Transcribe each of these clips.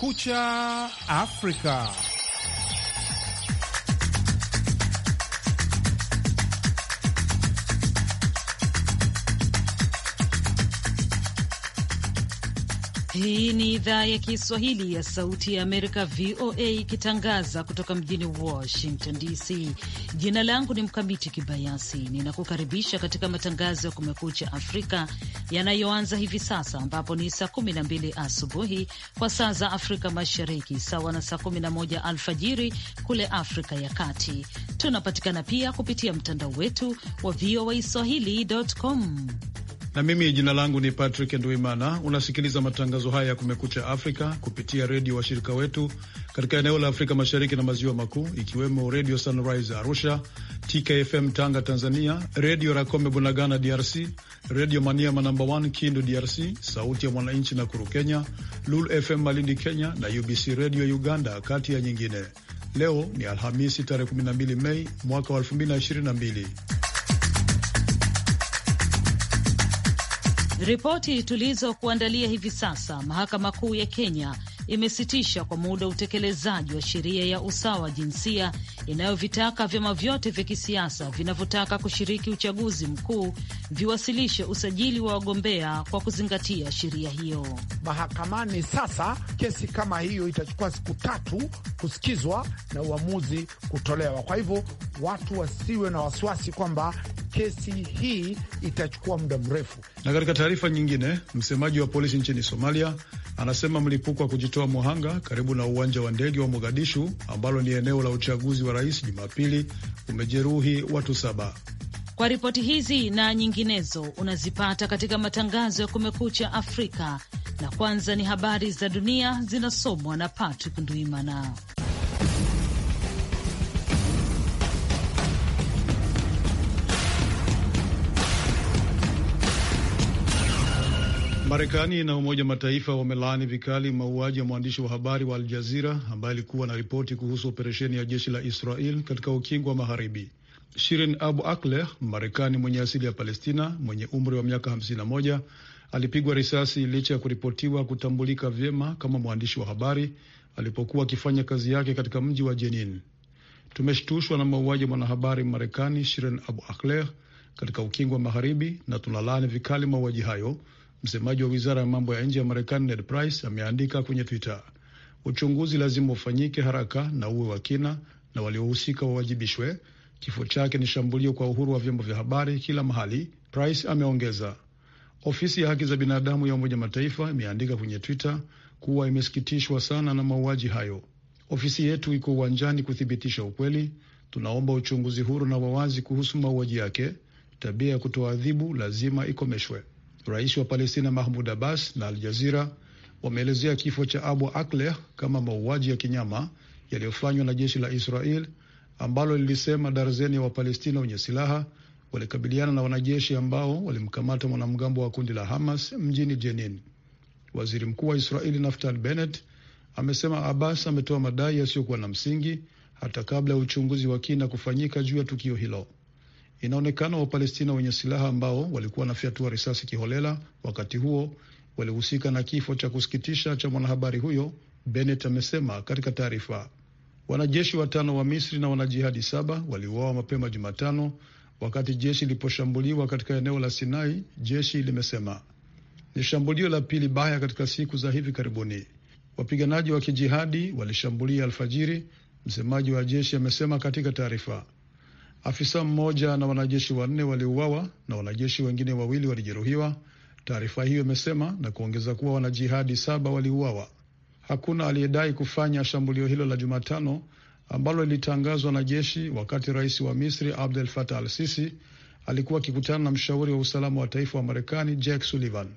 Kumekucha Afrika. Hii ni idhaa ya Kiswahili ya Sauti ya Amerika, VOA, ikitangaza kutoka mjini Washington DC. Jina langu ni Mkamiti Kibayasi, ninakukaribisha katika matangazo ya Kumekucha Afrika yanayoanza hivi sasa, ambapo ni saa 12 asubuhi kwa saa za Afrika Mashariki, sawa na saa 11 alfajiri kule Afrika ya Kati. Tunapatikana pia kupitia mtandao wetu wa voa swahili.com na mimi jina langu ni Patrick nduimana Unasikiliza matangazo haya ya Kumekucha Afrika kupitia redio washirika wetu katika eneo la Afrika Mashariki na Maziwa Makuu, ikiwemo Redio Sunrise Arusha, TKFM Tanga Tanzania, Redio Racome Bunagana DRC, Redio Maniama namba 1 Kindu DRC, Sauti ya Mwananchi na Kuru Kenya, Lul FM Malindi Kenya na UBC Redio Uganda, kati ya nyingine. Leo ni Alhamisi tarehe 12 Mei mwaka wa 2022. Ripoti tulizokuandalia hivi sasa, mahakama kuu ya Kenya imesitisha kwa muda utekelezaji wa sheria ya usawa wa jinsia inayovitaka vyama vyote vya kisiasa vinavyotaka kushiriki uchaguzi mkuu viwasilishe usajili wa wagombea kwa kuzingatia sheria hiyo mahakamani. Sasa kesi kama hiyo itachukua siku tatu kusikizwa na uamuzi kutolewa. Kwa hivyo watu wasiwe na wasiwasi kwamba kesi hii itachukua muda mrefu. Na katika taarifa nyingine, msemaji wa polisi nchini Somalia anasema mlipuko wa kujitoa kujitoa mhanga karibu na uwanja wa ndege wa Mogadishu ambalo ni eneo la uchaguzi wa rais Jumapili umejeruhi watu saba. Kwa ripoti hizi na nyinginezo unazipata katika matangazo ya Kumekucha Afrika, na kwanza ni habari za dunia zinasomwa na Patrick Nduimana. Marekani na Umoja Mataifa wamelaani vikali mauaji ya mwandishi wa habari wa Aljazira ambaye alikuwa na ripoti kuhusu operesheni ya jeshi la Israel katika ukingo wa Magharibi. Shirin Abu Akleh, Marekani mwenye asili ya Palestina, mwenye umri wa miaka 51 alipigwa risasi licha ya kuripotiwa kutambulika vyema kama mwandishi wa habari alipokuwa akifanya kazi yake katika mji wa Jenin. Tumeshtushwa na mauaji ya mwanahabari Marekani Shirin Abu Akleh katika ukingo wa Magharibi na tunalaani vikali mauaji hayo, Msemaji wa wizara ya mambo ya nje ya Marekani Ned Price ameandika kwenye Twitter, uchunguzi lazima ufanyike haraka na uwe wa kina na waliohusika wawajibishwe. Kifo chake ni shambulio kwa uhuru wa vyombo vya habari kila mahali, Price ameongeza. Ofisi ya haki za binadamu ya Umoja Mataifa imeandika kwenye Twitter kuwa imesikitishwa sana na mauaji hayo. Ofisi yetu iko uwanjani kuthibitisha ukweli. Tunaomba uchunguzi huru na wawazi kuhusu mauaji yake. Tabia ya kutoa adhibu lazima ikomeshwe. Rais wa Palestina Mahmud Abbas na Al Jazira wameelezea kifo cha Abu Akleh kama mauaji ya kinyama yaliyofanywa na jeshi la Israel ambalo lilisema darzeni ya Wapalestina wenye silaha walikabiliana na wanajeshi ambao walimkamata mwanamgambo wa kundi la Hamas mjini Jenin. Waziri mkuu wa Israeli Naftali Bennett amesema Abbas ametoa madai yasiyokuwa na msingi hata kabla ya uchunguzi wa kina kufanyika juu ya tukio hilo. Inaonekana Wapalestina wenye silaha ambao walikuwa wanafyatua risasi kiholela wakati huo walihusika na kifo cha kusikitisha cha mwanahabari huyo, Bennett amesema katika taarifa. Wanajeshi watano wa Misri na wanajihadi saba waliuawa mapema Jumatano wakati jeshi liliposhambuliwa katika eneo la Sinai, jeshi limesema. Ni shambulio la pili baya katika siku za hivi karibuni. Wapiganaji wa kijihadi walishambulia alfajiri, msemaji wa jeshi amesema katika taarifa. Afisa mmoja na wanajeshi wanne waliuawa na wanajeshi wengine wawili walijeruhiwa, taarifa hiyo imesema na kuongeza kuwa wanajihadi saba waliuawa. Hakuna aliyedai kufanya shambulio hilo la Jumatano ambalo lilitangazwa na jeshi wakati rais wa Misri Abdel Fattah al-Sisi alikuwa akikutana na mshauri wa usalama wa taifa wa Marekani Jake Sullivan.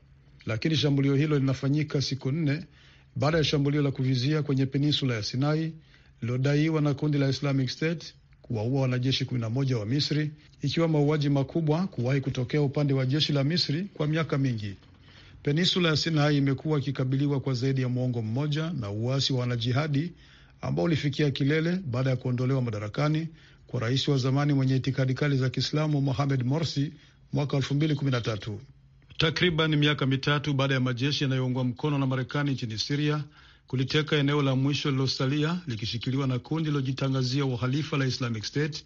Lakini shambulio hilo linafanyika siku nne baada ya shambulio la kuvizia kwenye peninsula ya Sinai lililodaiwa na kundi la Islamic State kuwaua wanajeshi 11 wa Misri, ikiwa mauaji makubwa kuwahi kutokea upande wa jeshi la Misri kwa miaka mingi. Peninsula ya Sinai imekuwa ikikabiliwa kwa zaidi ya mwongo mmoja na uasi wa wanajihadi ambao ulifikia kilele baada ya kuondolewa madarakani kwa rais wa zamani mwenye itikadi kali za Kiislamu Mohamed Morsi mwaka 2013. Takriban miaka mitatu baada ya majeshi yanayoungwa mkono na Marekani nchini Siria kuliteka eneo la mwisho lilosalia likishikiliwa na kundi lilojitangazia uhalifa la Islamic State.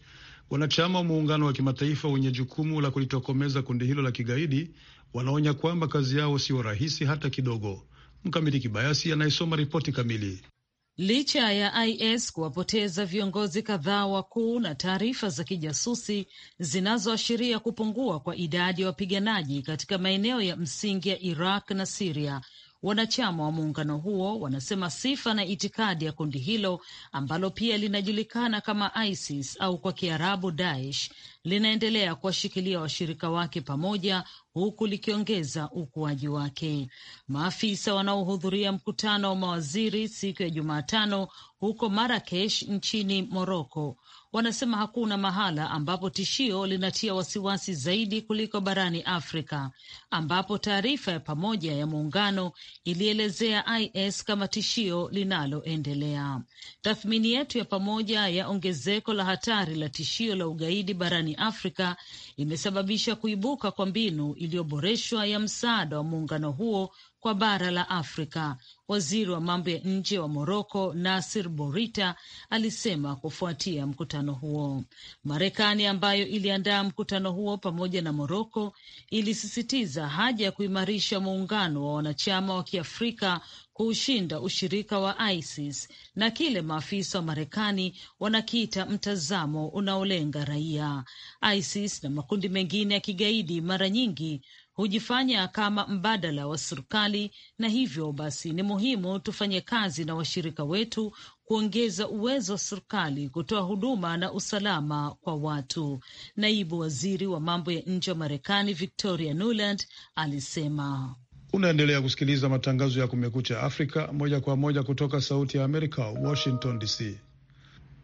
Wanachama wa muungano wa kimataifa wenye jukumu la kulitokomeza kundi hilo la kigaidi wanaonya kwamba kazi yao sio rahisi hata kidogo. Mkamiti Kibayasi anayesoma ripoti kamili. Licha ya IS kuwapoteza viongozi kadhaa wakuu na taarifa za kijasusi zinazoashiria kupungua kwa idadi ya wapiganaji katika maeneo ya msingi ya Iraq na Siria Wanachama wa muungano huo wanasema sifa na itikadi ya kundi hilo ambalo pia linajulikana kama ISIS au kwa Kiarabu Daesh linaendelea kuwashikilia washirika wake pamoja huku likiongeza ukuaji wake. Maafisa wanaohudhuria mkutano wa mawaziri siku ya Jumatano huko Marakesh nchini Moroko wanasema hakuna mahala ambapo tishio linatia wasiwasi zaidi kuliko barani Afrika, ambapo taarifa ya pamoja ya muungano ilielezea IS kama tishio linaloendelea. Tathmini yetu ya pamoja ya ongezeko la hatari la tishio la ugaidi barani Afrika imesababisha kuibuka kwa mbinu iliyoboreshwa ya msaada wa muungano huo kwa bara la Afrika Waziri wa mambo ya nje wa Moroko Nasir borita alisema kufuatia mkutano huo. Marekani ambayo iliandaa mkutano huo pamoja na Moroko ilisisitiza haja ya kuimarisha muungano wa wanachama wa Kiafrika kuushinda ushirika wa ISIS na kile maafisa wa Marekani wanakiita mtazamo unaolenga raia. ISIS na makundi mengine ya kigaidi mara nyingi hujifanya kama mbadala wa serikali, na hivyo basi ni muhimu tufanye kazi na washirika wetu kuongeza uwezo wa serikali kutoa huduma na usalama kwa watu. Naibu waziri wa mambo ya nje wa Marekani Victoria Nuland alisema. Unaendelea kusikiliza matangazo ya Kumekucha Afrika moja kwa moja kutoka Sauti ya Amerika, Washington DC.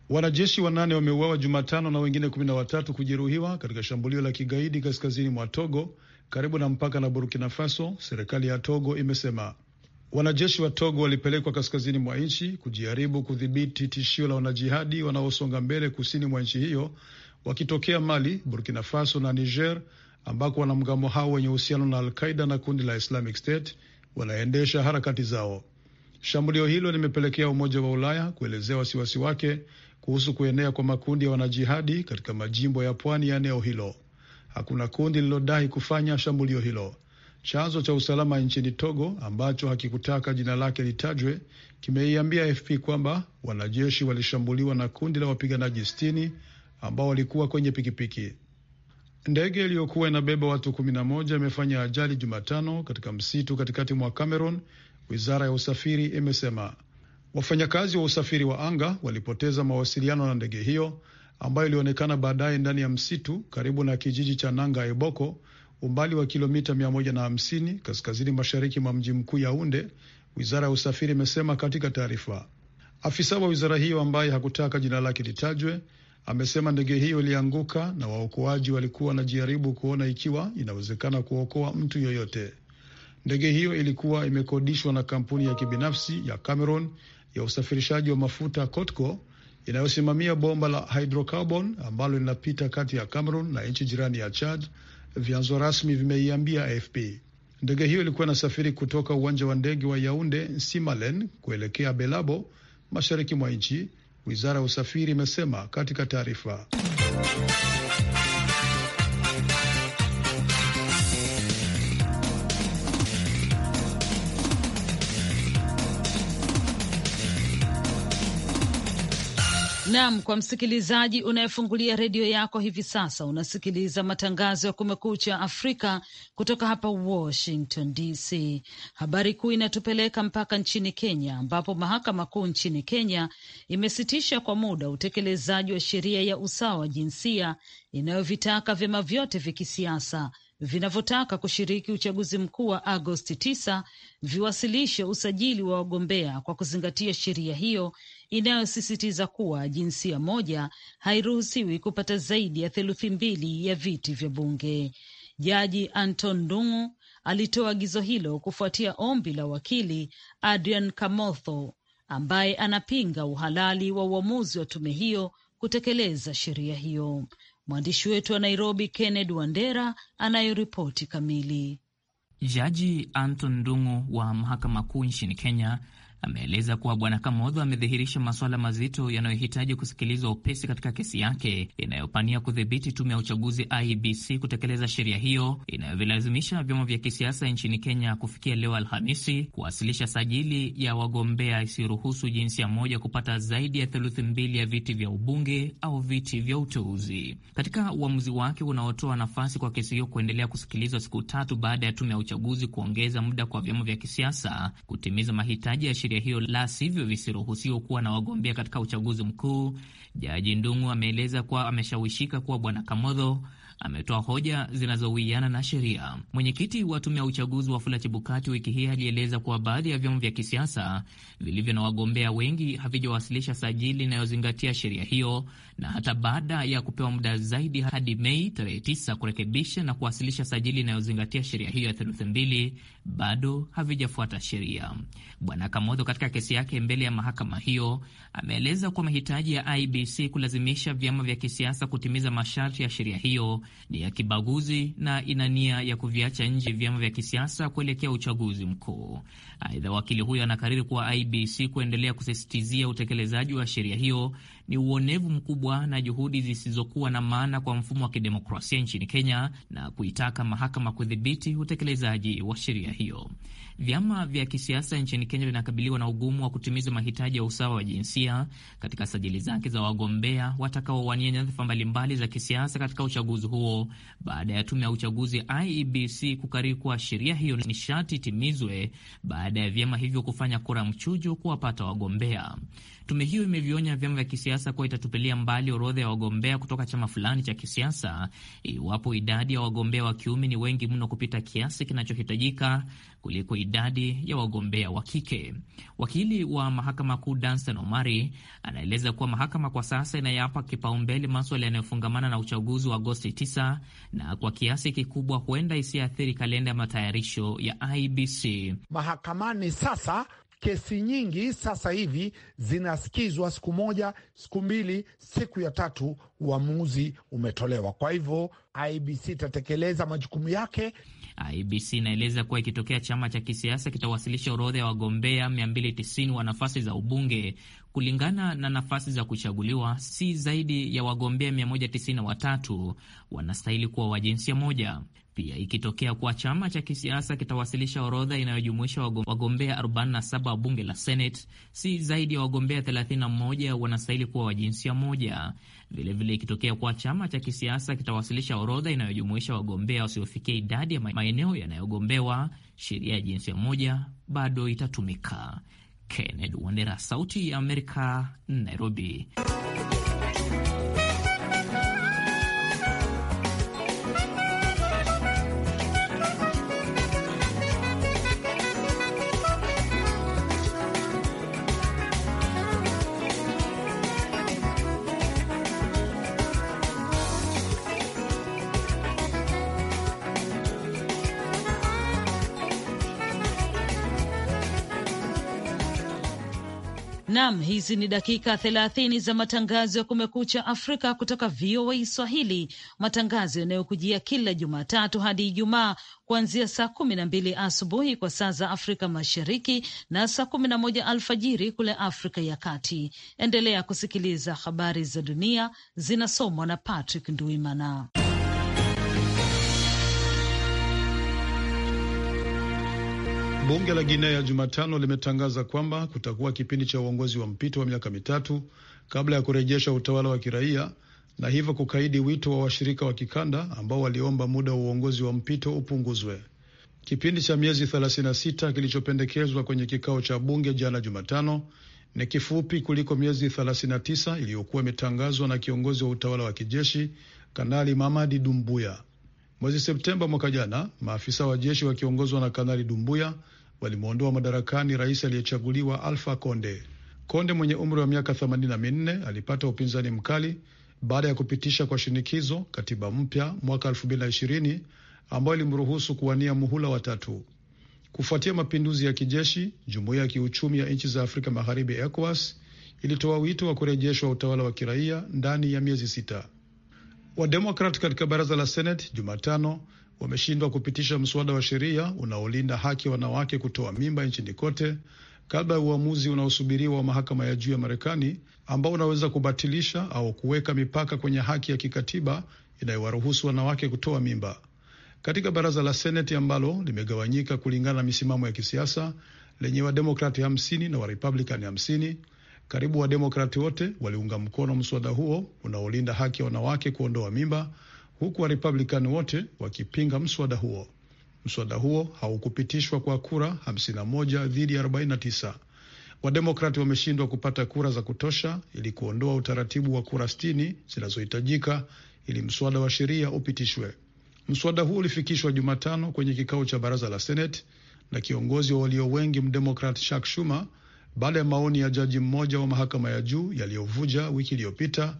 Wanajeshi wanane wameuawa Jumatano na wengine kumi na watatu kujeruhiwa katika shambulio la kigaidi kaskazini mwa Togo karibu na mpaka na Burkina Faso, serikali ya Togo imesema. Wanajeshi wa Togo walipelekwa kaskazini mwa nchi kujaribu kudhibiti tishio la wanajihadi wanaosonga mbele kusini mwa nchi hiyo wakitokea Mali, Burkina Faso na Niger, ambako wanamgambo hao wenye uhusiano na Alqaida na kundi la Islamic State wanaendesha harakati zao. Shambulio hilo limepelekea Umoja wa Ulaya kuelezea wasiwasi wake kuhusu kuenea kwa makundi ya wanajihadi katika majimbo ya pwani ya eneo hilo hakuna kundi lililodai kufanya shambulio hilo. Chanzo cha usalama nchini Togo ambacho hakikutaka jina lake litajwe kimeiambia AFP kwamba wanajeshi walishambuliwa na kundi la wapiganaji sitini ambao walikuwa kwenye pikipiki. Ndege iliyokuwa inabeba watu 11 imefanya ajali Jumatano katika msitu katikati mwa Cameroon, wizara ya usafiri imesema. Wafanyakazi wa usafiri wa anga walipoteza mawasiliano na ndege hiyo ambayo ilionekana baadaye ndani ya msitu karibu na kijiji cha Nanga Eboko, umbali wa kilomita 150 kaskazini mashariki mwa mji mkuu Yaunde, wizara ya usafiri imesema katika taarifa. Afisa wa wizara hiyo ambaye hakutaka jina lake litajwe amesema ndege hiyo ilianguka na waokoaji walikuwa wanajaribu kuona ikiwa inawezekana kuokoa mtu yoyote. Ndege hiyo ilikuwa imekodishwa na kampuni ya kibinafsi ya Cameron ya usafirishaji wa mafuta Cotco inayosimamia bomba la hydrocarbon ambalo linapita kati ya Cameroon na nchi jirani ya Chad, vyanzo rasmi vimeiambia AFP. Ndege hiyo ilikuwa inasafiri kutoka uwanja wa ndege wa Yaunde simalen kuelekea Belabo, mashariki mwa nchi, wizara ya usafiri imesema katika taarifa. Naam, kwa msikilizaji unayefungulia redio yako hivi sasa, unasikiliza matangazo ya Kumekucha Afrika kutoka hapa Washington DC. Habari kuu inatupeleka mpaka nchini Kenya, ambapo mahakama kuu nchini Kenya imesitisha kwa muda utekelezaji wa sheria ya usawa wa jinsia inayovitaka vyama vyote vya kisiasa vinavyotaka kushiriki uchaguzi mkuu wa Agosti 9 viwasilishe usajili wa wagombea kwa kuzingatia sheria hiyo inayosisitiza kuwa jinsia moja hairuhusiwi kupata zaidi ya theluthi mbili ya viti vya bunge. Jaji Anton Ndung'u alitoa agizo hilo kufuatia ombi la wakili Adrian Kamotho ambaye anapinga uhalali wa uamuzi wa tume hiyo kutekeleza sheria hiyo. Mwandishi wetu wa Nairobi, kenned Wandera, anayoripoti kamili. Jaji Anton Ndung'u wa mahakama kuu nchini Kenya ameeleza kuwa Bwana Kamodho amedhihirisha masuala mazito yanayohitaji kusikilizwa upesi katika kesi yake inayopania kudhibiti tume ya uchaguzi ibc e kutekeleza sheria hiyo inayovilazimisha vyama vya kisiasa nchini Kenya kufikia leo Alhamisi kuwasilisha sajili ya wagombea isiyoruhusu jinsia moja kupata zaidi ya theluthi mbili ya viti vya ubunge au viti vya uteuzi. Katika uamuzi wake unaotoa nafasi kwa kesi hiyo kuendelea kusikilizwa siku tatu baada ya tume ya uchaguzi kuongeza muda kwa vyama vya kisiasa kutimiza mahitaji ya sheria sheria hiyo, la sivyo visiruhusiwa kuwa na wagombea katika uchaguzi mkuu. Jaji Ndung'u ameeleza kuwa ameshawishika kuwa Bwana Kamodho ametoa hoja zinazowiana na sheria. Mwenyekiti wa tume ya uchaguzi Fula Chebukati wiki hii alieleza kuwa baadhi ya vyombo vya kisiasa vilivyo na wagombea wengi havijawasilisha sajili inayozingatia sheria hiyo, na hata baada ya kupewa muda zaidi hadi Mei tarehe 9 kurekebisha na kuwasilisha sajili inayozingatia sheria hiyo ya theluthi mbili, bado havijafuata sheria. Bwana Kamodho katika kesi yake mbele ya mahakama hiyo ameeleza kuwa mahitaji ya IBC kulazimisha vyama vya kisiasa kutimiza masharti ya sheria hiyo ni ya kibaguzi na ina nia ya kuviacha nje vyama vya kisiasa kuelekea uchaguzi mkuu. Aidha, wakili huyo anakariri kuwa IBC kuendelea kusisitizia utekelezaji wa sheria hiyo ni uonevu mkubwa na juhudi zisizokuwa na maana kwa mfumo wa kidemokrasia nchini Kenya na kuitaka mahakama kudhibiti utekelezaji wa sheria hiyo. Vyama vya kisiasa nchini Kenya vinakabiliwa na ugumu wa kutimiza mahitaji ya usawa wa jinsia katika sajili zake za wagombea watakaowania nyadhifa mbalimbali za kisiasa katika uchaguzi huo, baada ya tume ya uchaguzi IEBC kukariri kuwa sheria hiyo ni sharti itimizwe baada ya vyama hivyo kufanya kura mchujo kuwapata wagombea. Tume hiyo imevionya vyama vya kisiasa kuwa itatupilia mbali orodha ya wagombea kutoka chama fulani cha kisiasa iwapo idadi ya wagombea wa kiume ni wengi mno kupita kiasi kinachohitajika kuliko idadi ya wagombea wa kike. Wakili wa mahakama kuu Danstan Omari anaeleza kuwa mahakama kwa sasa inayapa kipaumbele maswala yanayofungamana na uchaguzi wa Agosti 9 na kwa kiasi kikubwa huenda isiathiri kalenda ya matayarisho ya IBC mahakamani sasa Kesi nyingi sasa hivi zinasikizwa siku moja, siku mbili, siku ya tatu uamuzi umetolewa. Kwa hivyo IBC itatekeleza majukumu yake. IBC inaeleza kuwa ikitokea chama cha kisiasa kitawasilisha orodha ya wagombea 290 wa nafasi za ubunge kulingana na nafasi za kuchaguliwa, si zaidi ya wagombea 193 wanastahili kuwa wa jinsia moja pia ikitokea kuwa chama cha kisiasa kitawasilisha orodha inayojumuisha wagombea 47 wa bunge la Senate, si zaidi ya wagombea 31 wanastahili kuwa wa jinsia moja. Vilevile, ikitokea kuwa chama cha kisiasa kitawasilisha orodha inayojumuisha wagombea wasiofikia idadi ya maeneo yanayogombewa, sheria ya jinsia moja bado itatumika. Kenneth Wandera, Sauti ya Amerika, Nairobi. Nam, hizi ni dakika thelathini za matangazo ya Kumekucha Afrika kutoka VOA Swahili, matangazo yanayokujia kila Jumatatu hadi Ijumaa kuanzia saa kumi na mbili asubuhi kwa saa za Afrika Mashariki na saa kumi na moja alfajiri kule Afrika ya Kati. Endelea kusikiliza habari za dunia zinasomwa na Patrick Nduimana. Bunge la Guinea Jumatano limetangaza kwamba kutakuwa kipindi cha uongozi wa mpito wa miaka mitatu kabla ya kurejesha utawala wa kiraia na hivyo kukaidi wito wa washirika wa kikanda ambao waliomba muda wa uongozi wa mpito upunguzwe. Kipindi cha miezi 36 kilichopendekezwa kwenye kikao cha bunge jana Jumatano ni kifupi kuliko miezi 39 iliyokuwa imetangazwa na kiongozi wa utawala wa kijeshi Kanali Mamadi Dumbuya. Mwezi Septemba mwaka jana, maafisa wa jeshi wakiongozwa na Kanali Dumbuya walimwondoa madarakani rais aliyechaguliwa Alfa Konde. Konde mwenye umri wa miaka 84 alipata upinzani mkali baada ya kupitisha kwa shinikizo katiba mpya mwaka 2020 ambayo ilimruhusu kuwania muhula watatu. Kufuatia mapinduzi ya kijeshi, jumuiya ya kiuchumi ya nchi za Afrika Magharibi, ECOWAS, ilitoa wito wa kurejeshwa utawala wa kiraia ndani ya miezi sita. Wademokrat katika baraza la Senate Jumatano wameshindwa kupitisha mswada wa sheria unaolinda haki ya wanawake kutoa mimba nchini kote kabla ya uamuzi unaosubiriwa wa mahakama ya juu ya Marekani ambao unaweza kubatilisha au kuweka mipaka kwenye haki ya kikatiba inayowaruhusu wanawake kutoa mimba. Katika baraza la Seneti ambalo limegawanyika kulingana na misimamo ya kisiasa lenye Wademokrati hamsini na Warepublikani hamsini, karibu Wademokrati wote waliunga mkono mswada huo unaolinda haki ya wanawake kuondoa mimba huku Warepublikani wote wakipinga mswada huo. Mswada huo haukupitishwa kwa kura 51 dhidi ya 49. Wademokrati wameshindwa kupata kura za kutosha ili kuondoa utaratibu wa kura 60 zinazohitajika ili mswada wa sheria upitishwe. Mswada huo ulifikishwa Jumatano kwenye kikao cha baraza la Seneti na kiongozi wa walio wengi mdemokrat Chuck Schumer baada ya maoni ya jaji mmoja wa mahakama ya juu yaliyovuja wiki iliyopita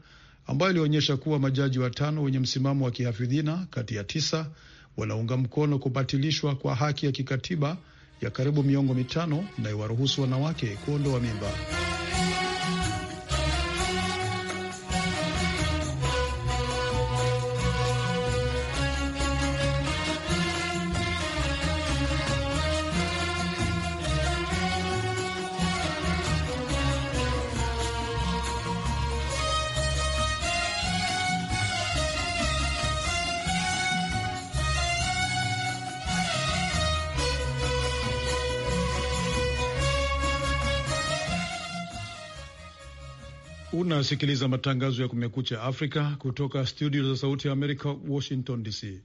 ambayo ilionyesha kuwa majaji watano wenye msimamo wa kihafidhina kati ya tisa wanaunga mkono kubatilishwa kwa haki ya kikatiba ya karibu miongo mitano inayowaruhusu wanawake kuondoa mimba. Unasikiliza matangazo ya Kumekucha Afrika kutoka studio za Sauti ya Amerika, Washington DC.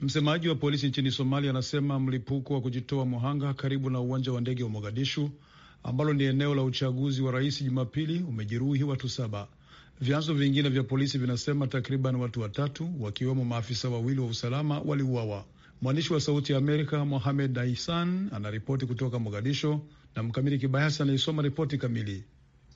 Msemaji wa polisi nchini Somalia anasema mlipuko wa kujitoa muhanga karibu na uwanja wa ndege wa Mogadishu, ambalo ni eneo la uchaguzi wa rais Jumapili, umejeruhi watu saba. Vyanzo vingine vya polisi vinasema takriban watu watatu, wakiwemo maafisa wawili wa usalama, waliuawa. Mwandishi wa Sauti ya Amerika Mohamed Daisan anaripoti kutoka Mogadisho na Mkamili Kibayasi anaisoma ripoti kamili.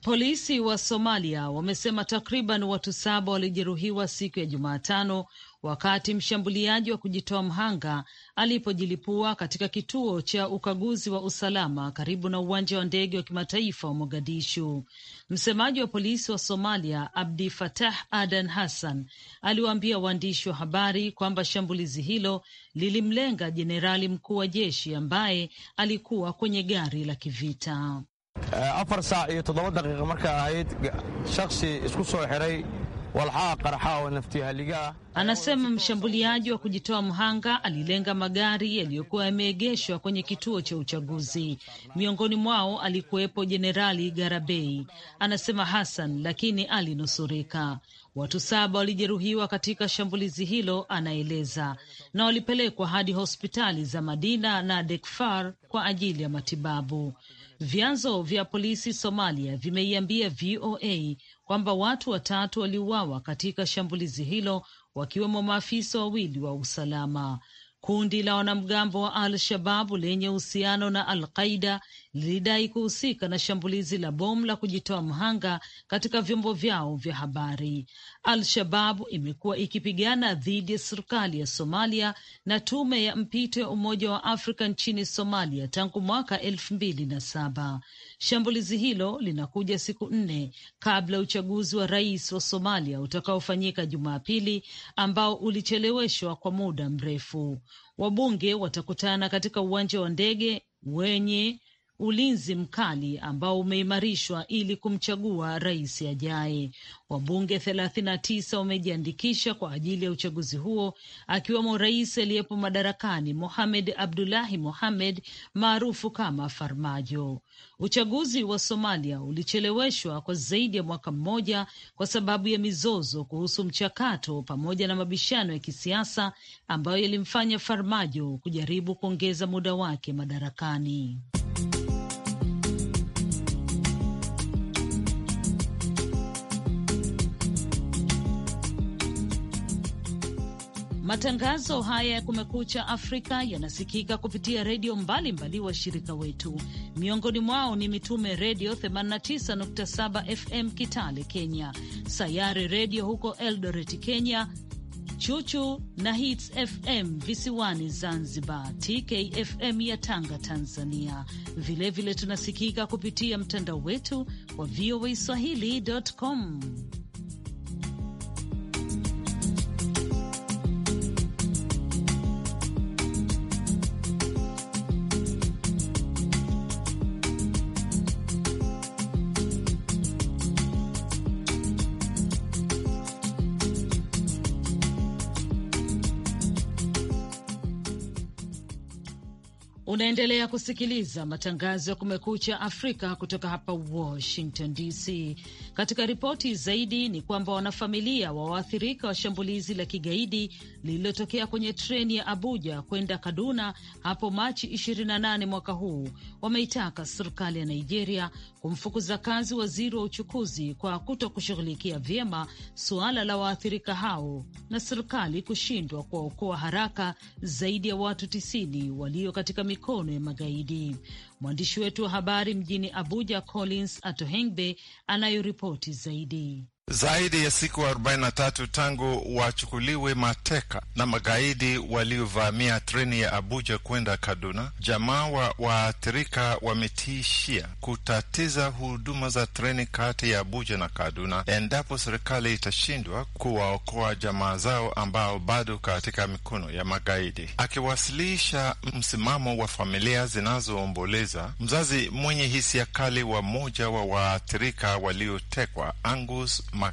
Polisi wa Somalia wamesema takriban watu saba walijeruhiwa siku ya Jumatano wakati mshambuliaji wa kujitoa mhanga alipojilipua katika kituo cha ukaguzi wa usalama karibu na uwanja wa ndege wa kimataifa wa Mogadishu. Msemaji wa polisi wa Somalia Abdi Fatah Adan Hassan aliwaambia waandishi wa habari kwamba shambulizi hilo lilimlenga jenerali mkuu wa jeshi ambaye alikuwa kwenye gari la kivita. Eh, afar saac iyo toddoba daqiiqo marka ahayd shaksi isku soo xiray walxaa qarxa oo naftihaliga ah. Anasema mshambuliaji wa kujitoa mhanga alilenga magari yaliyokuwa yameegeshwa kwenye kituo cha uchaguzi. Miongoni mwao alikuwepo Jenerali Garabei, anasema Hassan, lakini alinusurika. Watu saba walijeruhiwa katika shambulizi hilo, anaeleza, na walipelekwa hadi hospitali za Madina na Dekfar kwa ajili ya matibabu. Vyanzo vya polisi Somalia vimeiambia VOA kwamba watu watatu waliuawa katika shambulizi hilo, wakiwemo maafisa wawili wa usalama. Kundi la wanamgambo wa Al Shababu lenye uhusiano na Al Qaida lilidai kuhusika na shambulizi la bomu la kujitoa mhanga katika vyombo vyao vya habari. Al-Shabab imekuwa ikipigana dhidi ya serikali ya Somalia na tume ya mpito ya Umoja wa Afrika nchini Somalia tangu mwaka elfu mbili na saba. Shambulizi hilo linakuja siku nne kabla ya uchaguzi wa rais wa Somalia utakaofanyika Jumapili, ambao ulicheleweshwa kwa muda mrefu. Wabunge watakutana katika uwanja wa ndege wenye ulinzi mkali ambao umeimarishwa ili kumchagua rais ajaye. Wabunge thelathini na tisa wamejiandikisha kwa ajili ya uchaguzi huo, akiwemo rais aliyepo madarakani Mohamed Abdullahi Mohamed maarufu kama Farmajo. Uchaguzi wa Somalia ulicheleweshwa kwa zaidi ya mwaka mmoja kwa sababu ya mizozo kuhusu mchakato pamoja na mabishano ya kisiasa ambayo yalimfanya Farmajo kujaribu kuongeza muda wake madarakani. Matangazo haya ya Kumekucha Afrika yanasikika kupitia redio mbalimbali washirika wetu, miongoni mwao ni Mitume Redio 89.7 FM Kitale Kenya, Sayare Redio huko Eldoret Kenya, Chuchu na Hits FM visiwani Zanzibar, TKFM ya Tanga Tanzania. Vilevile vile tunasikika kupitia mtandao wetu wa voa swahilicom Unaendelea kusikiliza matangazo ya Kumekucha Afrika kutoka hapa Washington DC. Katika ripoti zaidi ni kwamba wanafamilia wa waathirika wa shambulizi la kigaidi lililotokea kwenye treni ya Abuja kwenda Kaduna hapo Machi 28 mwaka huu wameitaka serikali ya Nigeria kumfukuza kazi waziri wa uchukuzi kwa kuto kushughulikia vyema suala la waathirika hao na serikali kushindwa kuwaokoa haraka zaidi ya watu tisini walio katika mikono ya magaidi. Mwandishi wetu wa habari mjini Abuja, Collins Atohengbe, anayoripoti zaidi. Zaidi ya siku 43 tangu wachukuliwe mateka na magaidi waliovamia treni ya Abuja kwenda Kaduna, jamaa wa waathirika wametishia kutatiza huduma za treni kati ya Abuja na Kaduna endapo serikali itashindwa kuwaokoa jamaa zao ambao bado katika mikono ya magaidi. Akiwasilisha msimamo wa familia zinazoomboleza, mzazi mwenye hisia kali wa moja wa waathirika waliotekwa Angus my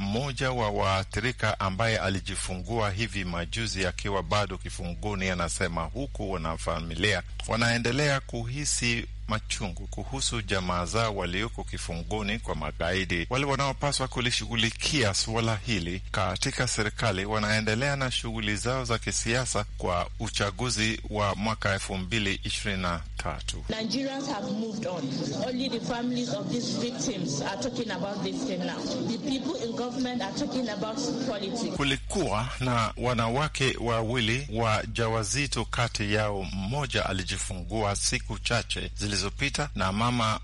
mmoja wa waathirika ambaye alijifungua hivi majuzi akiwa bado kifunguni, anasema huku wanafamilia wanaendelea kuhisi machungu kuhusu jamaa zao walioko kifungoni kwa magaidi. Wale wanaopaswa kulishughulikia suala hili katika serikali wanaendelea na shughuli zao za kisiasa kwa uchaguzi wa mwaka elfu mbili ishirini na tatu. Kulikuwa na wanawake wawili wajawazito, kati yao mmoja alijifungua siku chache zilizo zilizopita na mama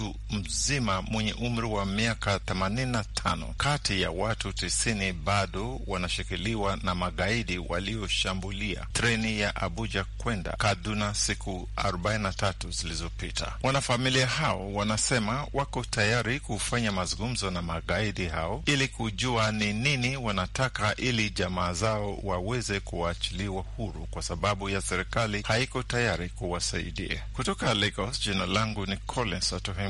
mtu mzima mwenye umri wa miaka 85. Kati ya watu 90 bado wanashikiliwa na magaidi walioshambulia treni ya Abuja kwenda Kaduna siku 43 zilizopita. Wanafamilia hao wanasema wako tayari kufanya mazungumzo na magaidi hao ili kujua ni nini wanataka ili jamaa zao waweze kuwachiliwa huru kwa sababu ya serikali haiko tayari kuwasaidia. Kutoka Lagos, jina langu ni Collins Atohem.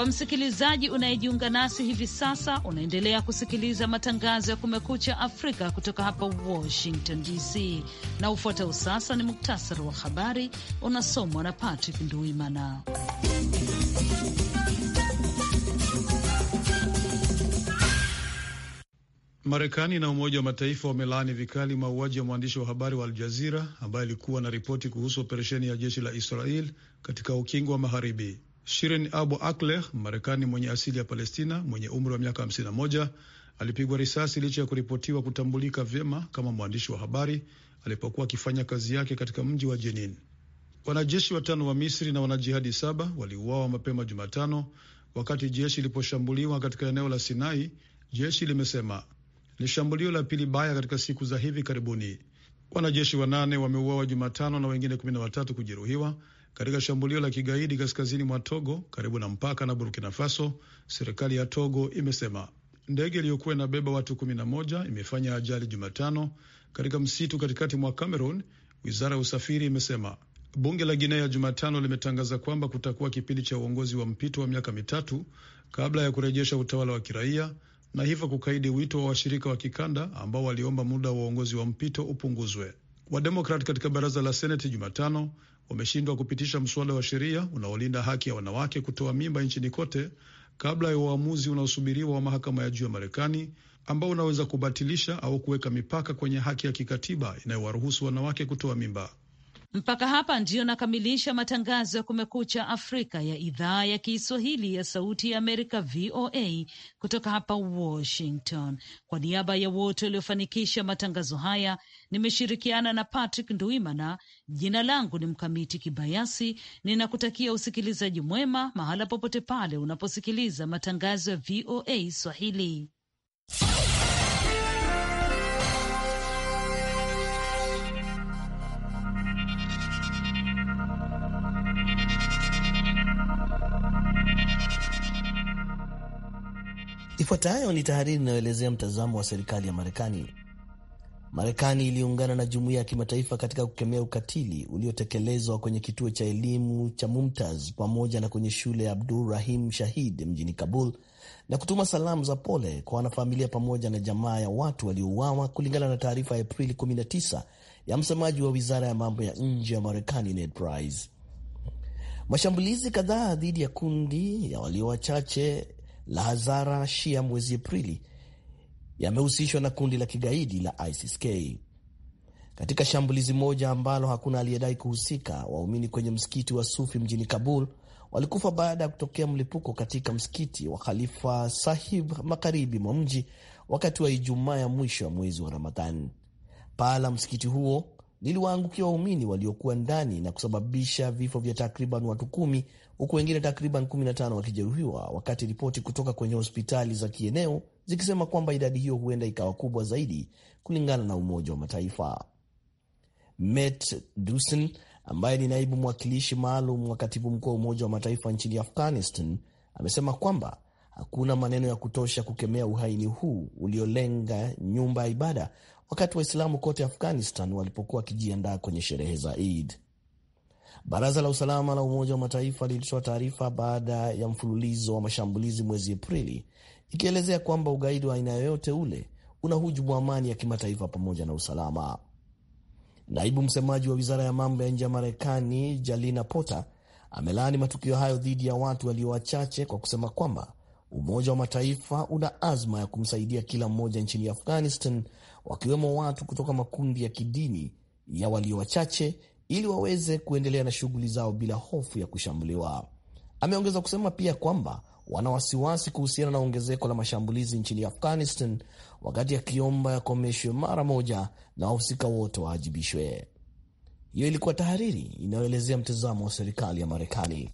Kwa msikilizaji unayejiunga nasi hivi sasa, unaendelea kusikiliza matangazo ya Kumekucha Afrika kutoka hapa Washington DC, na ufuatao sasa ni muktasari wa habari unasomwa na Patrick Nduimana. Marekani na Umoja wa Mataifa wamelaani vikali mauaji ya mwandishi wa habari wa Aljazira ambaye alikuwa na ripoti kuhusu operesheni ya jeshi la Israel katika ukingo wa Magharibi. Shirin Abu Akleh, Marekani mwenye asili ya Palestina mwenye umri wa miaka 51 alipigwa risasi licha ya kuripotiwa kutambulika vyema kama mwandishi wa habari alipokuwa akifanya kazi yake katika mji wa Jenin. Wanajeshi watano wa Misri na wanajihadi saba waliuawa mapema Jumatano wakati jeshi liliposhambuliwa katika eneo la Sinai. Jeshi limesema ni shambulio la pili baya katika siku za hivi karibuni. Wanajeshi wanane wameuawa Jumatano na wengine 13 kujeruhiwa katika shambulio la kigaidi kaskazini mwa Togo karibu na mpaka na Burkina Faso, serikali ya Togo imesema. Ndege iliyokuwa inabeba watu 11 imefanya ajali Jumatano katika msitu katikati mwa Cameroon, wizara ya usafiri imesema. Bunge la Guinea Jumatano limetangaza kwamba kutakuwa kipindi cha uongozi wa mpito wa miaka mitatu kabla ya kurejesha utawala wa kiraia na hivyo kukaidi wito wa washirika wa kikanda ambao waliomba muda wa uongozi wa mpito upunguzwe. Wademokrat katika baraza la seneti Jumatano wameshindwa kupitisha mswada wa sheria unaolinda haki ya wanawake kutoa mimba nchini kote kabla ya uamuzi unaosubiriwa wa mahakama ya juu ya Marekani ambao unaweza kubatilisha au kuweka mipaka kwenye haki ya kikatiba inayowaruhusu wanawake kutoa mimba. Mpaka hapa ndiyo nakamilisha matangazo ya Kumekucha Afrika ya idhaa ya Kiswahili ya Sauti ya Amerika, VOA, kutoka hapa Washington. Kwa niaba ya wote waliofanikisha matangazo haya, nimeshirikiana na Patrick Nduimana. Jina langu ni Mkamiti Kibayasi, ninakutakia usikilizaji mwema mahala popote pale unaposikiliza matangazo ya VOA Swahili. Ifuatayo ni tahariri inayoelezea mtazamo wa serikali ya Marekani. Marekani iliungana na jumuiya ya kimataifa katika kukemea ukatili uliotekelezwa kwenye kituo cha elimu cha Mumtaz pamoja na kwenye shule ya Abdul Rahim Shahid mjini Kabul na kutuma salamu za pole kwa wanafamilia pamoja na jamaa ya watu waliouawa, kulingana na taarifa ya Aprili 19 ya msemaji wa wizara ya mambo ya nje ya Marekani, Ned Price. Mashambulizi kadhaa dhidi ya kundi ya walio wachache la Hazara Shia mwezi Aprili yamehusishwa na kundi la kigaidi la ISIS-K. Katika shambulizi moja ambalo hakuna aliyedai kuhusika, waumini kwenye msikiti wa Sufi mjini Kabul walikufa baada ya kutokea mlipuko katika msikiti wa Khalifa Sahib magharibi mwa mji wakati wa Ijumaa ya mwisho ya mwezi wa ramadhan Paa la msikiti huo liliwaangukia waumini waliokuwa ndani na kusababisha vifo vya takriban watu kumi huku wengine takriban 15 wakijeruhiwa, wakati ripoti kutoka kwenye hospitali za kieneo zikisema kwamba idadi hiyo huenda ikawa kubwa zaidi kulingana na Umoja wa Mataifa. Met Dusen ambaye ni naibu mwakilishi maalum wa katibu mkuu wa Umoja wa Mataifa nchini Afghanistan amesema kwamba hakuna maneno ya kutosha kukemea uhaini huu uliolenga nyumba ya ibada wakati Waislamu kote Afghanistan walipokuwa wakijiandaa kwenye sherehe za Eid. Baraza la usalama la Umoja wa Mataifa lilitoa taarifa baada ya mfululizo wa mashambulizi mwezi Aprili, ikielezea kwamba ugaidi wa aina yoyote ule unahujumu amani ya kimataifa pamoja na usalama. Naibu msemaji wa wizara ya mambo ya nje ya Marekani Jalina Porter amelaani matukio hayo dhidi ya watu walio wachache kwa kusema kwamba Umoja wa Mataifa una azma ya kumsaidia kila mmoja nchini Afghanistan wakiwemo watu kutoka makundi ya kidini ya walio wachache ili waweze kuendelea na shughuli zao bila hofu ya kushambuliwa. Ameongeza kusema pia kwamba wana wasiwasi kuhusiana na ongezeko la mashambulizi nchini Afghanistan, wakati akiomba yakomeshwe mara moja na wahusika wote waajibishwe. Hiyo ilikuwa tahariri inayoelezea mtazamo wa serikali ya Marekani.